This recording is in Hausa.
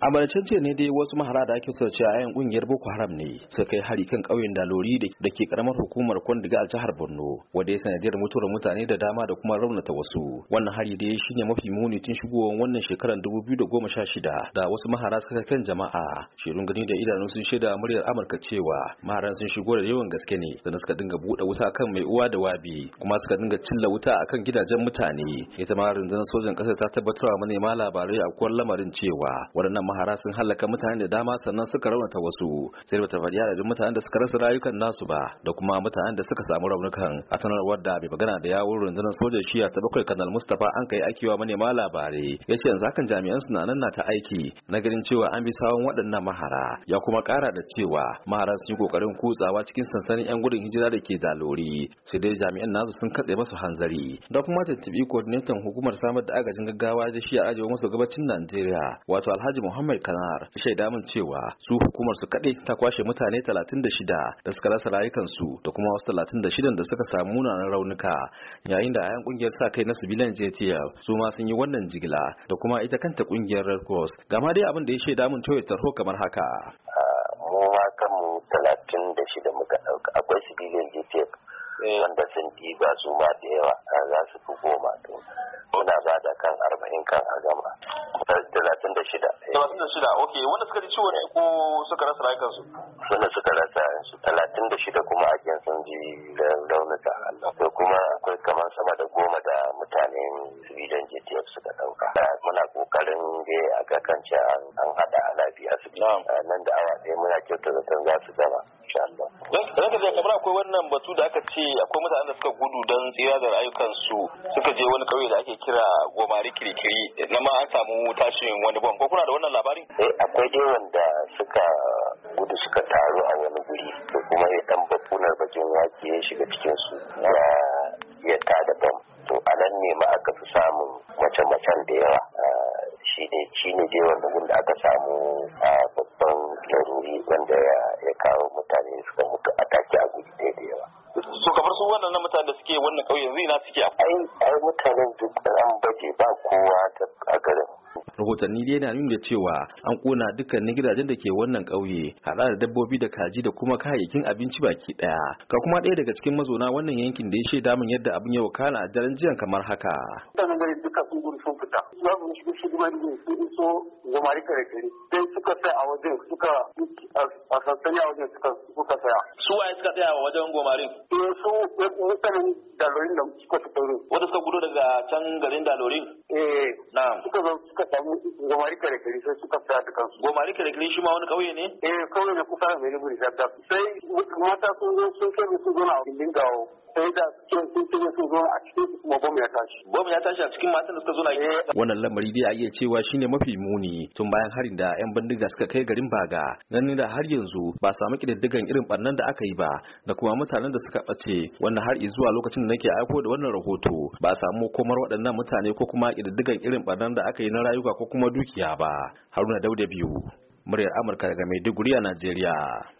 a maricance ne dai wasu mahara da ake sauce a yan kungiyar boko haram ne suka kai hari kan ƙauyen dalori da ke karamar hukumar kwandiga a jihar borno wadda ya sanadiyar mutuwar mutane da dama da kuma raunata wasu wannan hari da ya shine mafi muni tun shigowar wannan shekarar shida da wasu mahara suka kan jama'a shirin gani da idanu sun shaida muryar amurka cewa mahara sun shigo da yawan gaske ne sannan suka dinga buɗe wuta kan mai uwa da wabi kuma suka dinga cilla wuta akan gidajen mutane ita ma rundunar sojan ƙasar ta tabbatar wa manema labarai a lamarin cewa waɗannan mahara sun halaka mutane da dama sannan suka raunata wasu sai bata faɗi adadin mutanen da suka rasa rayukan nasu ba da kuma mutanen da suka samu raunukan a sanarwar da bai magana da yawun rundunar sojan shiya ta bakwai kanal mustapha an kai aikewa manema labarai ya ce yanzu hakan jami'an su na nan na ta aiki na ganin cewa an bi sawon waɗannan mahara ya kuma ƙara da cewa mahara sun yi ƙoƙarin kutsawa cikin sansanin 'yan gudun hijira da ke dalori sai dai jami'an nasu sun katse masu hanzari da kuma tattabi coordinator hukumar samar da agajin gaggawa da shi a arewa maso gabacin najeriya wato alhaji Alhaji Muhammad Kanar shaida min cewa su hukumar su kadai ta kwashe mutane 36 da suka rasa rayukansu da kuma wasu 36 da suka samu munanan raunuka yayin da ayan kungiyar sa kai na Sibilan JTF su ma sun yi wannan jigila da kuma ita kanta kungiyar Red Cross gama dai abin da ya shaida min cewa tarho kamar haka ah, mu ma mu 36 muka dauka akwai Sibilan JTF eh. wanda sun ba su ma da yawa za su fi goma muna ba da kan arba'in kan a gama talatin da shida. Talatin da shida, ok. Wanda suka ji ciwo ne ko suka rasa rayukansu? Wanda suka rasa su talatin da shida kuma a sun ji raunuka. Akwai kuma akwai kamar sama da mutanen sweden jtf suka dauka ah, muna kokarin da a ga kan an hada ana biya ah, nan da awa ɗaya muna kyauta zaton za su gama insha Allah. Zan ka kamar akwai wannan batu da aka ce akwai mutanen da suka gudu don tsira da rayukansu suka je wani kauye da ake kira gomari kirikiri na ma an samu tashin wani bom ko kuna da wannan labarin? Eh akwai dai wanda suka gudu suka taru a wani guri da kuma ya dan bakunar bakin wake ya shiga cikin su ya ya tada bom Nema aka fi samun mace-macen da yawa ah, shi ne da yawan gun da aka samu a ah, babban laruri wanda ya kawo mutane suka mutu a take a guri da yawa. so kamar su wannan mutane da suke wannan ƙauyen zai na suke ai ai mutanen duk an baje ba kowa a garin rahotanni dai na nuna cewa an kona dukkanin gidajen da ke wannan ƙauye haɗa da dabbobi da kaji da kuma kayayyakin abinci baki ɗaya ka kuma ɗaya daga cikin mazauna wannan yankin da ya shaida min yadda abin ya wakana a daren jiyan kamar haka mutanen gari duka sun gudu sun fita babu shi shi kuma ne sun iso zamari kare kare sai suka tsaya a wajen suka a sassani a wajen suka suka tsaya su waye suka tsaya a wajen gomarin eh su mutanen dalorin da suka fito wanda suka gudu daga can garin dalorin eh na suka zo suka gomari kare kare sai suka fita da kansu gomari kare kare shi ma wani kauye ne eh kauye ne kusa da Maiduguri sai sai mata sun zo sun kai su zo na Lingawo sai da sun wannan lamari dai a iya cewa shine mafi muni tun bayan harin da yan bindiga suka kai garin Baga ganin da har yanzu ba samu kididdigan irin barnan da aka yi ba da kuma mutanen da suka bace wannan har zuwa lokacin da nake aiko da wannan rahoto ba samu komar waɗannan mutane ko kuma kididdigan irin barnan da aka yi na rayuka ko kuma dukiya ba Haruna Dauda biyu muryar Amurka daga Maiduguri a Najeriya